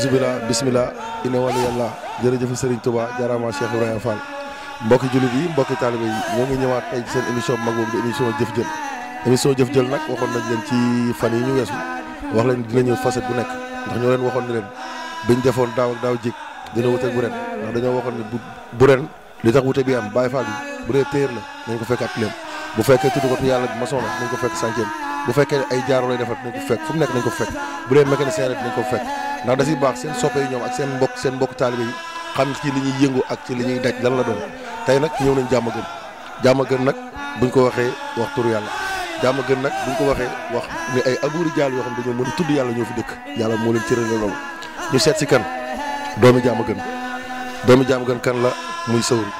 ansubila bisimila ina wàllu yàlla jërëjëf Serigne Touba jaaraama Cheikh Ibrahima Fall mbokki jullit yi mbokki taalibe yi ñoo ngi ñëwaat tey ci seen émission bu mag boobu di émission jëf jël émission jëf jël nag waxoon nañ leen ci fan yi ñu weesu wax leen dina ñëw facette bu nekk ndax ñoo leen waxoon ne leen biñ defoon daaw ak daaw jik dina wuteeg bu ren ndax dañoo waxoon ne bu ren li tax wute bi am Baye Fall bi bu dee téer la nañ ko fekk leen bu fekkee tudd ko yàlla maçon la nañ ko fekk cinquième bu fekkee ne ay jaaro lay defar dinañ ko fekk fu mu nekk nañ ko fekk bu dee mécanicien rek dinañ ko fekk ndax da si baax seen soppe yi ñoom ak seen mbokk seen mbokk taalibe yi xam ci li ñuy yëngu ak ci li ñuy daj lan la doon tey nag ñëw nañ jàmm gën jàmm gën nag ñu ko waxee wax pour yàlla jàmm gën nag buñ ko waxee wax mu ay aguuri jaal yoo xam dañoo mën a tudd yàlla ñoo fi dëkk yàlla moo leen cërale loolu ñu seet si kan doomi jàmm gën doomi jàmm gën kan la muy sëwru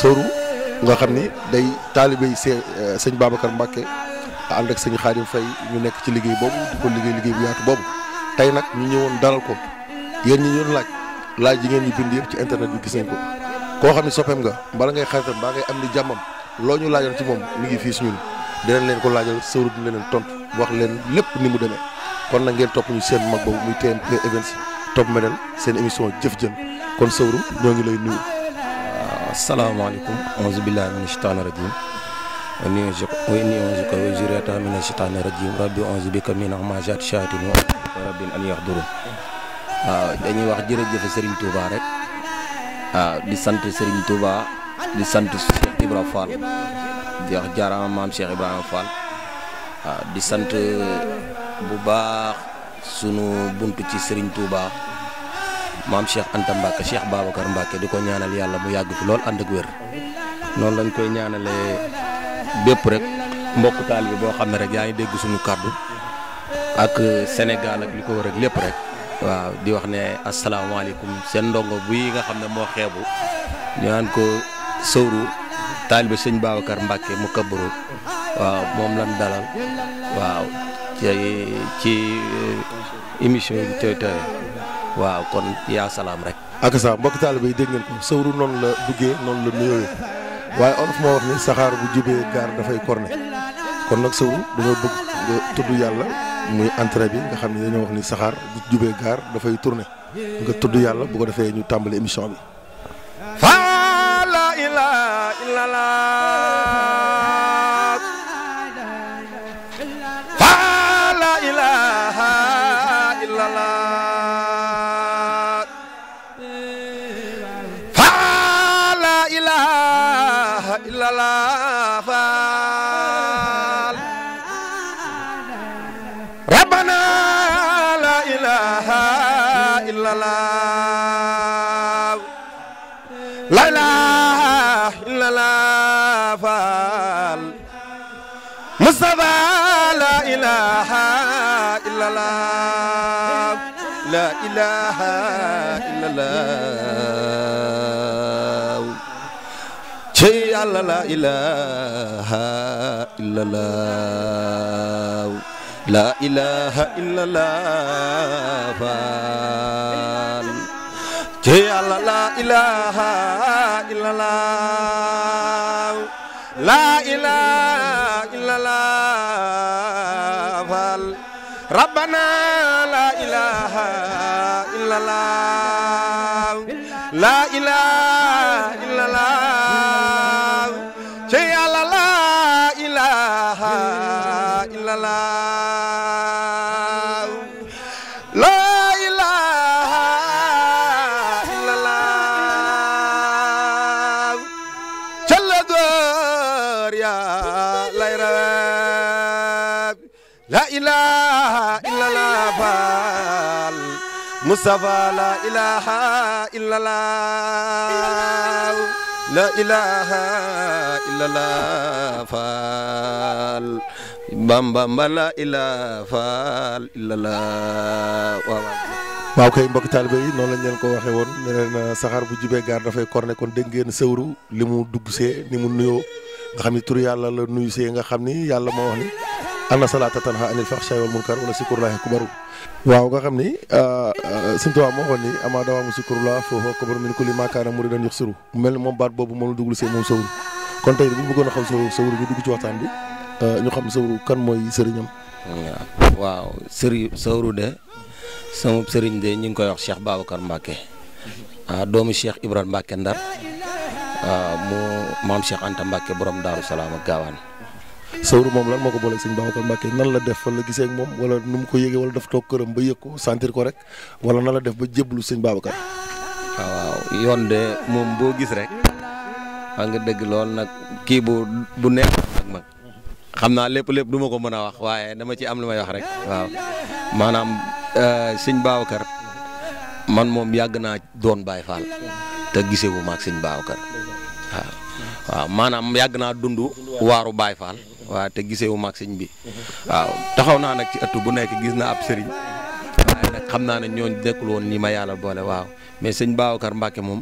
sëwru nga xam ni day taalibe yi eh, sëñ Babacar Mbacke ànd ak sëñ Xaadim Fay ñu nekk ci liggéey boobu di ko liggéey liggéey bu yaatu boobu tey nag ñu ñëwoon daral ko yéen ñi ñoon laaj laaj yi ngeen ñu bind yëpp ci internet bi gis nañ ko koo xam ne soppeem nga bala ngay xaritam baa ngay am ni jàmmam loo ñu laajoon ci moom mi ngi fii si ñun dinañ leen ko laajal bu dina leen tontu wax leen lépp ni mu demee kon nag ngeen topp ñu seen mag boobu muy TMP Events Top Model seen émission jëf jën kon sëwru ñoo ngi lay nuyu. asalaamaaleykum. auzu billaahi mina shaytaani rajiim ونعوذ بك وذريته من الشيطان الرجيم ربي أعوذ بك من همزات الشياطين ورب dañuy wax jërëjëf Serigne Touba rek ah, di sant sëriñ Touba di sant Cheikh Ibra Fall di wax jaaraama maam Cheikh Ibrahima Fall ah, di sant bu baax sunu bunt ci sëriñ Touba maam Cheikh Anta Mbacke Cheikh Babacar Mbacke di ko ñaanal yàlla mu yàgg fi lool ànd ak noonu lañ koy ñaanalee. bépp rek mbokk taal bi boo xam ne rek yaa ngi dégg suñu kàddu ak Sénégal ak li ko wër ak lépp rek waaw di wax ne asalaamaaleykum seen ndongo bii nga xam ne moo xeebu ñu naan ko sëwru taalibe sëñ Babacar Mbacke mu kabbaru waaw moom lan dalal waaw ci émission bi tey tey waaw kon yaa salaam rek. ak sa mbokk taalibe yi dégg ngeen ko sëwru noonu la duggee noonu la nuyoo waaye olof moo wax ni saxaar bu jubee gaar dafay corne kon nag sow dañoo bëgg nga tudd yàlla muy entrée bi nga xam ne dañoo wax ni saxaar bu jubee gaar dafay tourné nga tudd yàlla bu ko defee ñu tàmbali émission bi. ربنا لا إله إلا الله لا إله إلا الله فال مصطفى لا إله إلا الله لا إله إلا الله شيء لا إله إلا الله لا إله إلا الله فال الله لا إله إلا الله لا إله إلا الله فال ربنا لا إله إلا الله لا إله إلا الله la ilaha illallah faal Mustafa la ilaha illallah la ilaha illallah faal Bamba Bamba la ilaha faal illallah waaw. waaw mbokk taalibe yi noonu lañ leen ko waxe woon ne euh, saxaar bu jubee gaar dafay corné kon dégg ngeen sëwru li mu dugg see ni mu nuyoo nga xam ni tur yàlla la nuyu see nga xam ni yàlla moo wax ni anna salaata tanha anil fahsha'i wal munkar wala sikurulahi akbaru waaw nga xam ni euh, euh, Sëñ Tuubaa moo waxoon ni ama dawaamu sikurulahi fa huwa akbaru min kulli maa kaana muridan yuxsiru mel ni baat boobu moom la see moom sawru kon tey bu bëggoon a xam sawru sawru bi dugg ci waxtaan bi euh, ñu xam kan mooy sëriñam waaw ñu ngi koy wax Cheikh Babacar Mbacke ah doomu Cheikh Ibrahima Mbacke Ndar ah, mu maam Cheikh Anta Mbacke borom Daaru Salaam ak sawru moom lan moo ko booleeg sëñ Babacar Mbacke nan la def fa la gisee moom wala nu mu ko yëgee wala daf toog këram ba yëg ko sentir ko rek wala nan la def ba jéblu sëñ Babacar. waaw yoon de moom boo gis rek. maa nga dëgg lool nag kii bu bu nekk mag xam naa lépp lépp du ma ko mën a wax waaye dama ci am lu may wax rek. waaw maanaam euh, sëñ Babacar man moom yàgg naa doon Baye Fall te gisee ma sëñ Babacar waaw maanaam yàgg naa dund waaru Baye Fall. waaw te gisee wu mag sëñ bi waaw taxaw naa nag ci ëtt bu nekk gis na ab sëriñ waaye nag xam naa ne ñoo nekkul woon ñi ma yàlla boole waaw mais sëñ Babacar Mbacke moom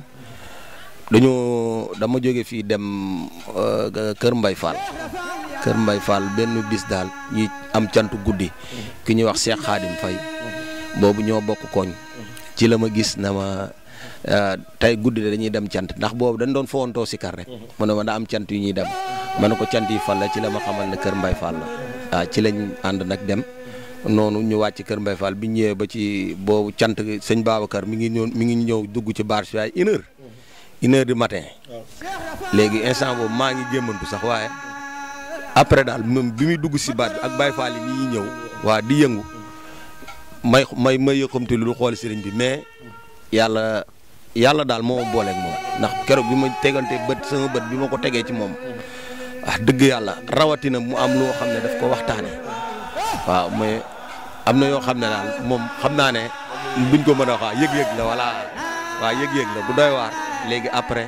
dañoo dama jóge fii dem euh, Kër Mbay Fall Kër Mbay Fall benn bis daal ñuy am cant guddi ki ñuy wax Cheikh Khadim fay boobu ñoo bokk koñ ci la ma gis na ma euh, tey guddi dañuy dem cant ndax boobu dañ doon fowantoo si kar rek mu ne ma daa am cant yu ñuy dem ma ne ko cant yi fan la ci la ma xamal na kër Mbay Fall la ah ci lañ ànd nag dem noonu ñu wàcc kër Mbay Fall bi ñëwee ba ci boobu cant sëñ Babacar mi ngi ñëw mi ngi ñëw dugg ci barche waaye une heure une léegi instant boobu maa ngi jéemantu sax waaye après daal moom bi muy dugg si baat ak Baye yi ñëw waa di yëngu may may may yëkkamti lu xool sëriñ bi mais yàlla yàlla daal moo booleeg moom ndax keroog bi ma tegante bët sama bët bi ma ko tegee ci moom. wax dëgg yàlla rawatina mu am loo xam ne daf ko waxtaane waaw mais am na yoo xam ne daal moom xam naa ne buñ ko mën a wax yëg-yëg la wala waa yëg-yëg la bu doy waar léegi après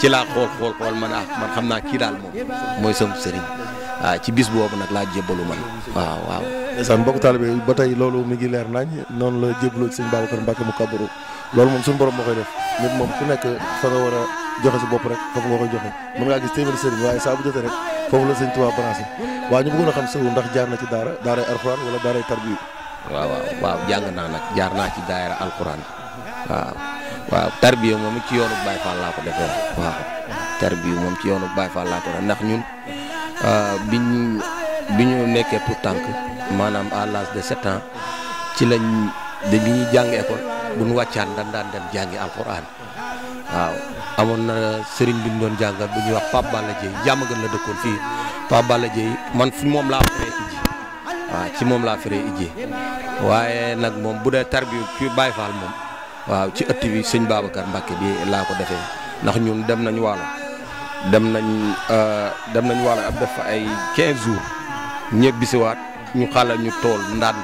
ci laa xool man ah man xam naa kii daal moom mooy sama sëriñ waaw ah, ci bis boobu nag laa jébbalu man waaw waaw. ndeysaan mbokk taalibe ba tey loolu mu ngi leer nañ noonu la jébbaloo ci sëñ Babacar Mbacke mu kabaru loolu moom suñu borom moo koy def nit moom ku nekk fa war joxe si bopp rek foofu nga koy joxe mën ngaa gis téeméeri sëriñ waaye saa bu jotee rek foofu la sëñ Tuubaa branché waa ñu bëggoon a xam sëwu ndax jaar na ci daara daaray alxuraan wala daaray tarbiyu waaw waaw waaw jàng naa nag jaar naa ci daara alxuraan waaw waaw tarbiyu moom ci yoonu Baye Fall laa ko defee waaw tarbiyu moom ci yoonu Baye Fall laa ko defee ndax ñun ah, bi ñu bi ñu nekkee pour tànk maanaam à l'âge de sept ans ci lañ dañuy jàng ko bu ñu wàccaan dañ daan dem jàngi alxuraan waaw amoon na sëriñ bi ñu doon jàngal bu ñuy wax Pape Balla Dieye jàmm gën la dëkkoon fii Pape Balla Dieye man fi moom laa feree ijji waaw ci moom laa feree ijji waaye nag moom bu dee tarbiyu ci Baye Fall moom waaw ci ëtt bi sëñ Babacar Mbacke bi laa ko defee ndax ñun dem nañu waalo dem nañ euh, dem nañ waalo ab def ay 15 jours ñëpp bisiwaat ñu xalal ñu tool ndànd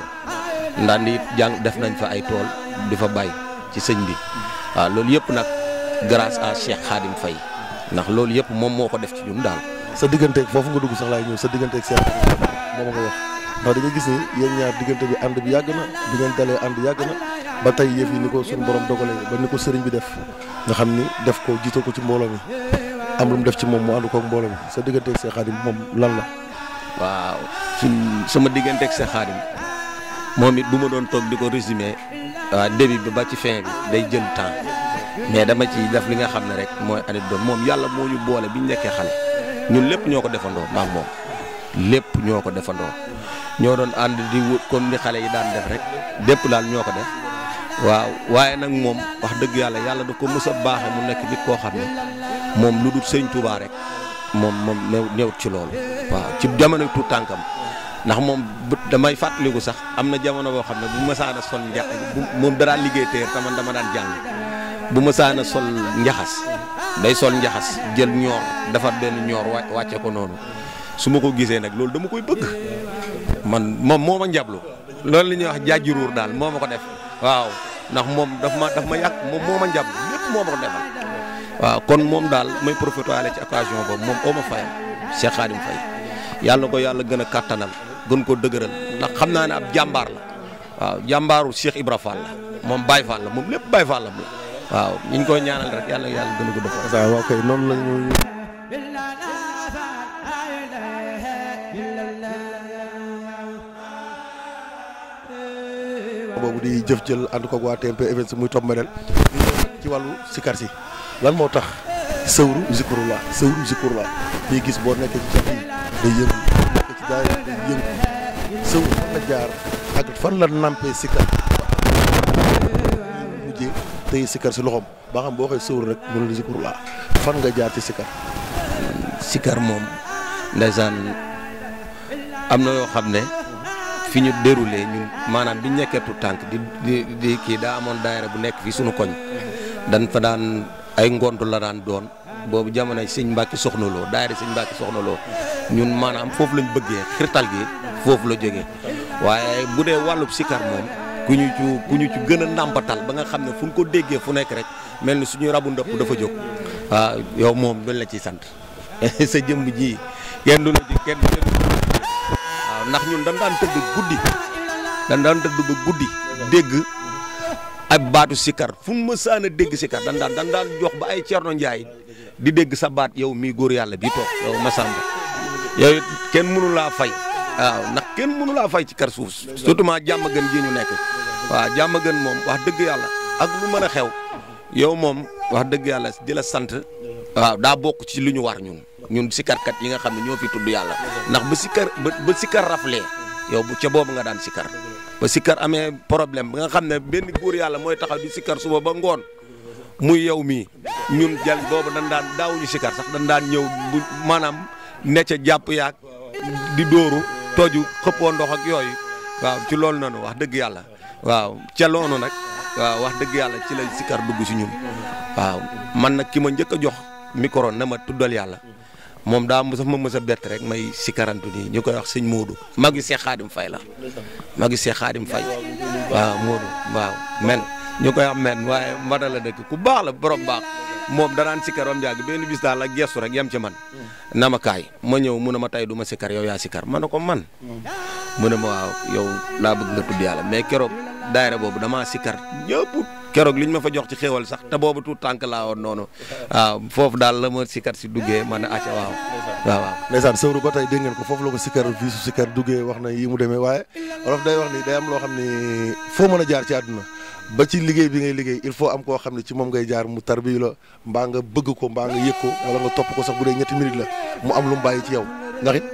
ndànd it jàng def nañ fa ay tool di fa bàyyi ci sëñ bi waaw loolu yëpp nag grace à Cheikh Khadim Faye ndax loolu yëpp moom moo ko def ci ñun daal. sa digganteeg foofu nga dugg sax laay ñëw sa digganteeg Cheikh moom nga wax ndax dañuy gis ni yéen ñaar diggante bi ànd bi yàgg na bi ngeen dalee ànd yàgg na ba tey yëf yi ni ko suñu borom dogalee ba ni ko sëriñ bi def nga xam ni def ko jiitoo ko ci mi am lu mu def ci moom mu ànd koog mbooloo mi sa digganteeg Cheikh moom lan la. waaw suñ sama digganteeg Cheikh Khadim moom it bu ma doon toog di ko résime waaw début bi ba ci fin bi day jël temps. mais dama ci def li nga xam ne rek mooy anecdote moom yàlla moo ñu boole bi ñu nekkee xale ñun lépp ñoo ko defandoo maam moom lépp ñoo ko defandoo ñoo doon ànd di wut xale yi daan def rek lépp daal ñoo ko def waaw waaye nag moom wax dëgg yàlla yàlla da ko mës a baaxe mu nekk nit koo xam ne moom lu dul sëñ Touba rek moom moom néew néewut ci loolu waaw ci jamono tu tànkam ndax moom damay fàttaliku sax am na jamono boo xam ne bu mësaana son njaq moom danaa liggéey téer taman dama daan jàng bu ma saana sol njaxas day sol njaxas jël ñoor defar benn ñoor wàcce ko noonu su ma ko gisee nag loolu dama koy bëgg man moom moo ma njablu loolu la ñuy wax jaajuruur daal moo ma ko def waaw ndax moom daf ma daf ma yàq moom moo ma njablu lépp moo ma ko defal waaw kon moom daal may profité waale ci occasion boobu moom oo ma fayal Cheikh Khadim Faye yàlla ko yàlla gën a kàttanal gën ko dëgëral ndax xam naa ne ab jàmbaar la waaw jàmbaaru Cheikh Ibra Fall moom baay Fall moom lépp waaw ñu ngi koy ñaanal rek yàlla yàlla gën a gudd fa. waaw kay noonu la ñu. boobu di jëf jël ànd koog waa TMP Events muy topp medel ci wàllu sikar si lan moo tax sëwru zikurulaa sëwru zikurulaa fii gis boo nekkee ci ci day yëngu sëwru fan la jaar ak fan la nampee sikar tey sikar si loxoom ba xam boo xee sëwr rek mënul zikrullah fan nga jaar ci sikar sikar moom ndeysaan am na yoo xam ne fi ñu déroulé ñun maanaam bi ñu tànk di di kii daa amoon daayira bu nekk fi suñu koñ dan fa daan ay ngontu la daan doon boobu jamono sëñ Mbàkke soxna loo daayira sëñ Mbàkke soxna loo ñun maanaam foofu lañ bëggee xirtal gi foofu la jógee waaye bu dee wàllub sikar moom ku ñu ci ku ñu gën a ba nga xam ne fu ñu ko déggee fu nekk rek mel ni suñu rabu ndëpp dafa jóg waaw ah, yow moom duñ la ciy sant sa jëmb ji kenn du la ci waaw ah, ndax ñu dañ daan tëdd guddi ba guddi dégg ab baatu sikar fu mu mësaan a dégg sikar dañ daan dañ daan jox ba ay Cerno Njaay di dégg sa baat yow mii góor yàlla bii toog yow Masamba yooyu kenn mënu fay waaw ah, kenn mënu fay ci kar suuf surtout ment jàmm gën ji ñu nekk waaw jàmm moom wax dëgg yàlla ak lu mën a xew yow moom wax dëgg yàlla di la sant waaw daa bokk ci lu ñu war ñun ñun sikarkat yi nga xam ne ñoo fi tudd yàlla ndax ba sikar ba sikar raflee yow bu ca boobu nga daan sikar ba sikar amee problème ba nga xam ne benn góor yàlla mooy taxaw di sikar suba ba ngoon muy yow mii ñun jal boobu dañ daan daawuñu sikar sax dañ daan ñëw bu maanaam necca jàpp yaag di dooru tooju xëppoo ndox ak yooyu waaw ci loolu noonu wax dëgg yàlla waaw ca loonu nag waaw wax dëgg yàlla ci la sikar dugg si ñun waaw man nag ki ma njëkk a jox micro na ma tuddal yàlla moom daa mos a ma mos a bett rek may sikarantu nii ñu koy wax sëñ Modou magi Seex Xaadim Fay la magi Seex Xaadim Fay waaw Modou waaw men ñu koy wax men waaye mbada la dëkk ku baax la borom baax moom danaan sikkar ba mu jàgg benn bis daal ak gestu rek yem ca man. na ma kaay ma ñëw mu ne ma tey du ma sikkar yow yaa sikkar ma ne ko man. mu ne ma waaw yow laa bëgg nga tudd yàlla mais keroog daayira boobu damaa sikkar ñëpp. keroog liñ ma fa jox ci xéewal sax te boobu tu tànk laa noonu waaw foofu daal la ma sikar si duggee man acca waaw waaw waaw ndeysaan sëwru ba tey dégg ko foofu la ko sikar fii su sikar duggee wax na yii mu demee waaye wolof day wax ni day am loo xam ni foo mën a jaar ci àdduna ba ci liggéey bi ngay liggéey il faut am koo xam ne ci moom ngay jaar mu tarbiyu la mbaa nga bëgg ko mbaa nga yëg ko wala nga topp ko sax bu dee ñetti minute la mu am lu mu ci yow ndax it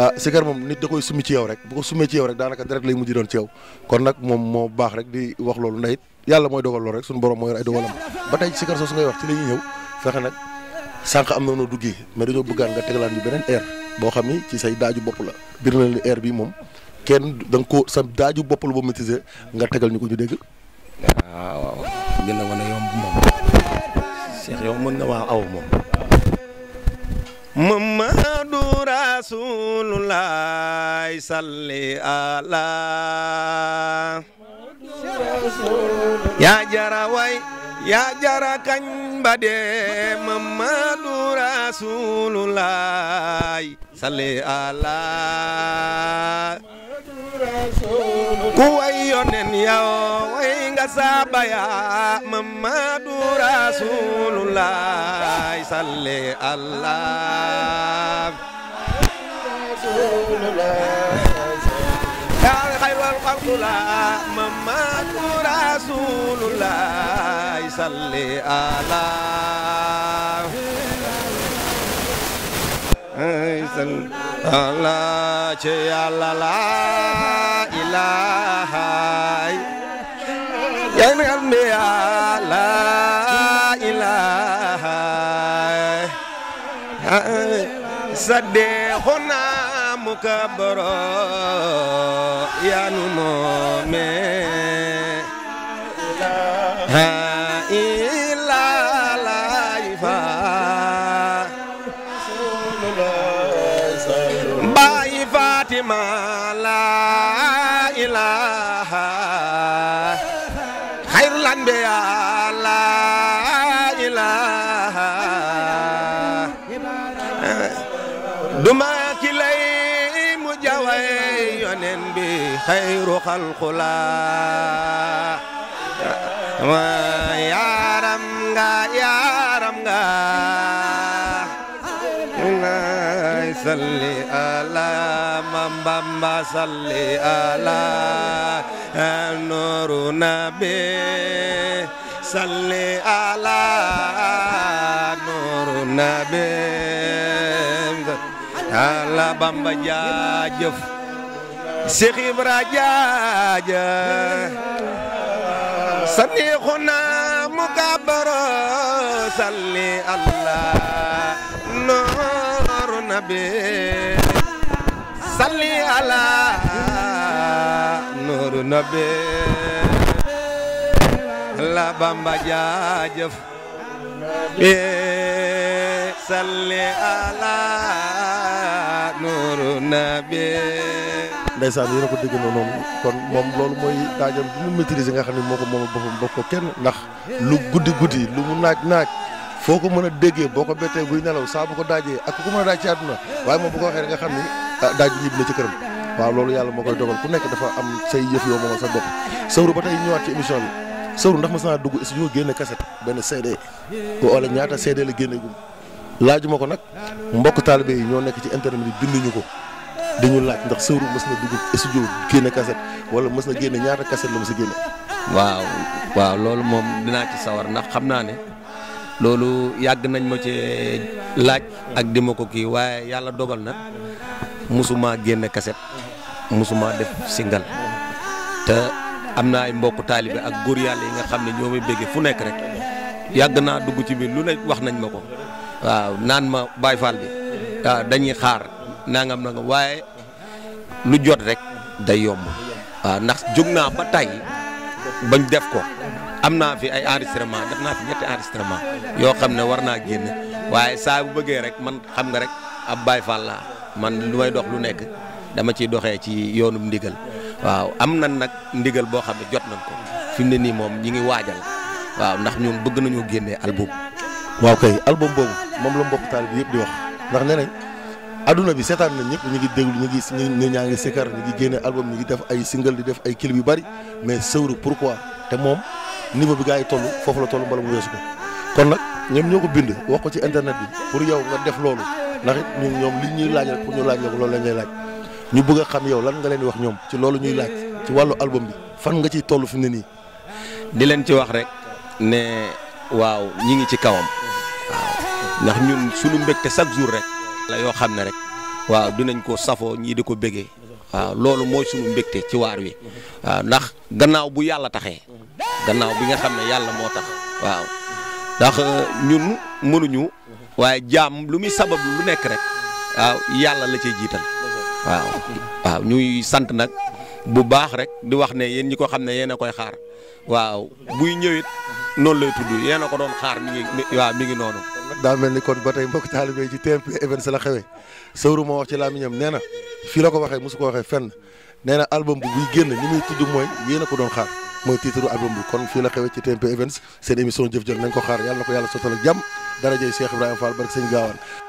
ah sikar moom nit da koy summi ci yow rek bu ko summee ci yow rek daanaka deret lay mujj doon ci yow kon nag moom moo baax rek di wax loolu ndax it yàlla mooy dogal loolu rek suñu borom mooy yor ay dogalam ba tey sikar soosu ngay wax ci la ñuy ñëw fexe nag sànq am na noo duggee mais dañoo bëggaan nga tegalaat ñu beneen air boo xam ni ci say daaju bopp la bir na ni air bi moom kenn da ko sa daaju bopp boo maîtriser nga tegal ñu ko ñu dégg waaw waaw dina mën yaa jara kañ ba dee Muhammadu Rasulullah salli ala ku way saaba yaa Mamadu Rasulullah salli Allah yaa xaywal xalqula salli Allah Allah ci la ilaha yaa ngi am ne yaa la ilaha sadeexuna mukabaro yaa nu moome ha ila laifa baay Fatima duma ki lay mu jaway yonen bi xayru xalqula yaaram nga yaaram nga lay salli ala mambamba salli ala nuru nabi salli ala nabi ala bamba jaajëf Cheikh Ibra jaajëf sanixuna mukabaro salli allah nooru nabi salli ala nooru nabi la bamba jaajëf salli ala nuuru nabi ndeysaan yéen a ko déggandoo moom kon moom loolu mooy daajam bu mu maîtriser nga xam ne moo ko moom boppam bokk ko kenn ndax lu guddi guddi lu mu naaj naaj foo ko mën a déggee boo ko bettee buy nelaw saa bu ko daajee ak ku ko mën a daaj ci àdduna waaye moom bu ko waxee rek nga xam ni ah, daaj bi ñibbi na ci këram waaw loolu yàlla moo koy dogal ku nekk dafa am say yëf yoo moom sa bopp sawru ba tey ñëwaat ci émission bi sawru ndax mas naa dugg studio génne cassette benn CD wala ñaata CD la génne gum laajuma ko nag mbokk taalibe yi ñoo nekk ci internet bi binduñu ko dañu laaj ndax Sëwru mës na dugg studio génne kaset wala mës na génne ñaata cassette la mës a génne. waaw waaw loolu moom dinaa ci sawar ndax xam naa ne loolu yàgg nañ ma ci laaj ak di ma ko kii waaye yàlla dogal na musuma génne cassette musuma def single te am na ay mbokk taalibe ak góor yàlla yi nga xam ne ñoo may bëgge fu nekk rek yàgg naa dugg ci biir lu nekk wax nañ ma ko. waaw naan ma Baye Fall bi ah, dañuy xaar nangam nangam waaye lu jot rek day yomb waaw ah, ndax jóg naa ba tey bañ def ko am naa fi ay enregistrement def naa fi ñetti enregistrement yoo xam ne war naa génn waaye saa bu bëggee rek man xam rek ab Baye Fall laa lu may dox lu nekk dama ciy doxee ci yoonum ndigal waaw am na nag ndigal boo xam ne jot nañ ko fi mu nii moom ñi ngi waajal waaw ndax ñun bëgg nañoo génnee album waaw kay album boobu moom la mbokk taal bi yëpp di wax ndax nee adduna bi seetaan na ñëpp ñu ngi déglu ñu ngi ñu ñaa ngi sikar ñu ngi génne album ñu ngi def ay single di def ay clip yu bari mais Sëwru pourquoi te moom niveau bi gars yi toll foofu la toll mbala mu weesu ko kon nag ñoom ñoo ko bind wax ko ci internet bi pour yow nga def loolu ndax it ñoom li ñuy laaj rek pour laaj la ko loolu la ñuy laaj ñu bëgg a xam yow lan nga leen di wax ñoom ci loolu ñuy laaj ci wàllu album bi fan nga ciy toll fi mu ne di leen ci wax rek ne waaw ñi ngi ci kawam ndax ñun suñu mbégte chaque jour rek la yoo xam ne rek waaw dinañ ko safoo ñii di ko bégee waaw loolu mooy suñu mbégte ci waar wi waaw ndax gannaaw bu yàlla taxee gannaaw bi nga xam ne yàlla moo tax waaw ndax euh, waaye jaam lu muy sabab lu nekk rek yàlla la cay jiital waaw ñuy sant nag bu baax rek di wax ne yéen ñi ko xam ne yéen a koy xaar waaw buy ñëwit noonu lay tudd yéen a ko doon xaar mi ngi ngi noonu daa mel ni kon ba tey mbokk taalibe ci TMP Events la xewee Sowru moo wax ci làmmiñam nee na fii la ko waxee mosu ko waxee fenn nee na album bi buy génn ni muy tudd mooy yéen ko doon xaar mooy titre album bi kon fii la xewee ci TMP Events seen émission jëf jël nañ ko xaar yàlla ko yàlla sottal ak jàmm dara jëy Cheikh Ibrahima Fall barke sëñ Gaawaan